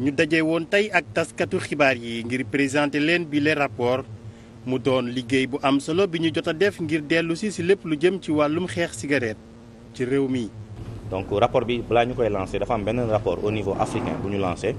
ñu dajee woon tey ak taskatu xibaar yi ngir présenter leen bi le rapport mu doon liggéey bu am solo bi ñu jot a def ngir dellu si si lépp lu jëm ci wàllum xeex cigarette ci réew mi. donc rapport bi balaa ñu koy lancé dafa am benn rapport au niveau africain bu ñu lancé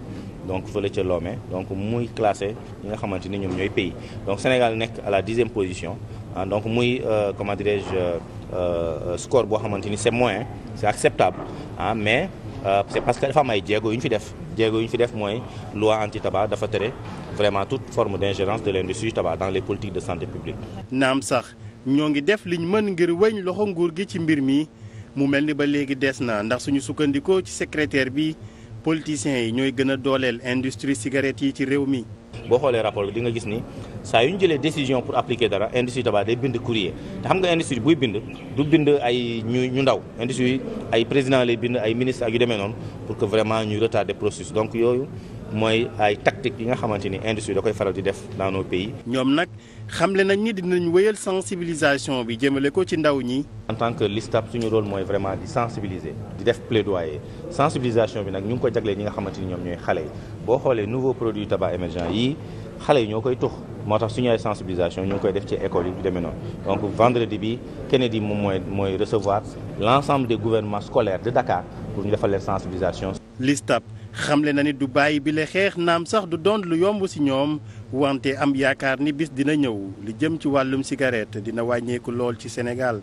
donc fële ca Lomé donc muy classé ñi nga xamante ni ñoom ñooy pays donc Sénégal nekk à la dixième position ah donc muy euh, comment dirais-je euh, euh score boo xamante ni c'est moyen c'est acceptable ah, mais. Euh, c'est parce que dafa am ay yu ñu fi def jéego yu ñu fi def mooy loi anti tabac dafa tere vraiment toute forme d'ingérence de l'industrie du tabac dans les politiques de santé publique. naam sax ñoo ngi def li ñu mën ngir weñ loxo nguur gi ci mbir mi mu mel ni ba léegi des na ndax suñu sukkandikoo ci secrétaire bi. politiciens yi ñooy gën a dooleel industrie cigarette yi ci réew mi. boo xoolee rapport bi nga gis ni saa yu ñu jëlee décision pour appliquer dara industrie tabac day bind courrier te xam nga industrie buy bind du bind ay ñu ñu ndaw industrie ay président lay bind ay ministre ak yu demee noonu pour que vraiment ñuy retarder processus donc yooyu. mooy ay tactique yi nga xamante ni industrie da koy faral di def dans nos pays. ñoom nag xamle nañ ni dinañ wéyal sensibilisation bi jëmale ko ci ndaw ñi. en tant que LISTAB suñu rôle mooy vraiment di sensibiliser di def plaidoyer sensibilisation bi nag ñu ngi ko jaglee ñi nga xamante ni ñoom ñooy xale yi boo xoolee nouveau produit tabac émergent yi xale yi ñoo koy tux moo tax suñu ay sensibilisation ñu ngi koy def ci école yi du demee noonu donc vendredi bi Kennedy moom mooy mooy recevoir l' ensemble des gouvernements scolaires de Dakar pour ñu defal leen sensibilisation. xamle na ni du bàyyi bi xeex naam sax du doon lu yomb ci ñoom wante am yaakaar ni bis dina ñëw li jëm ci wàllum cigarette dina wàññeeku lool ci Sénégal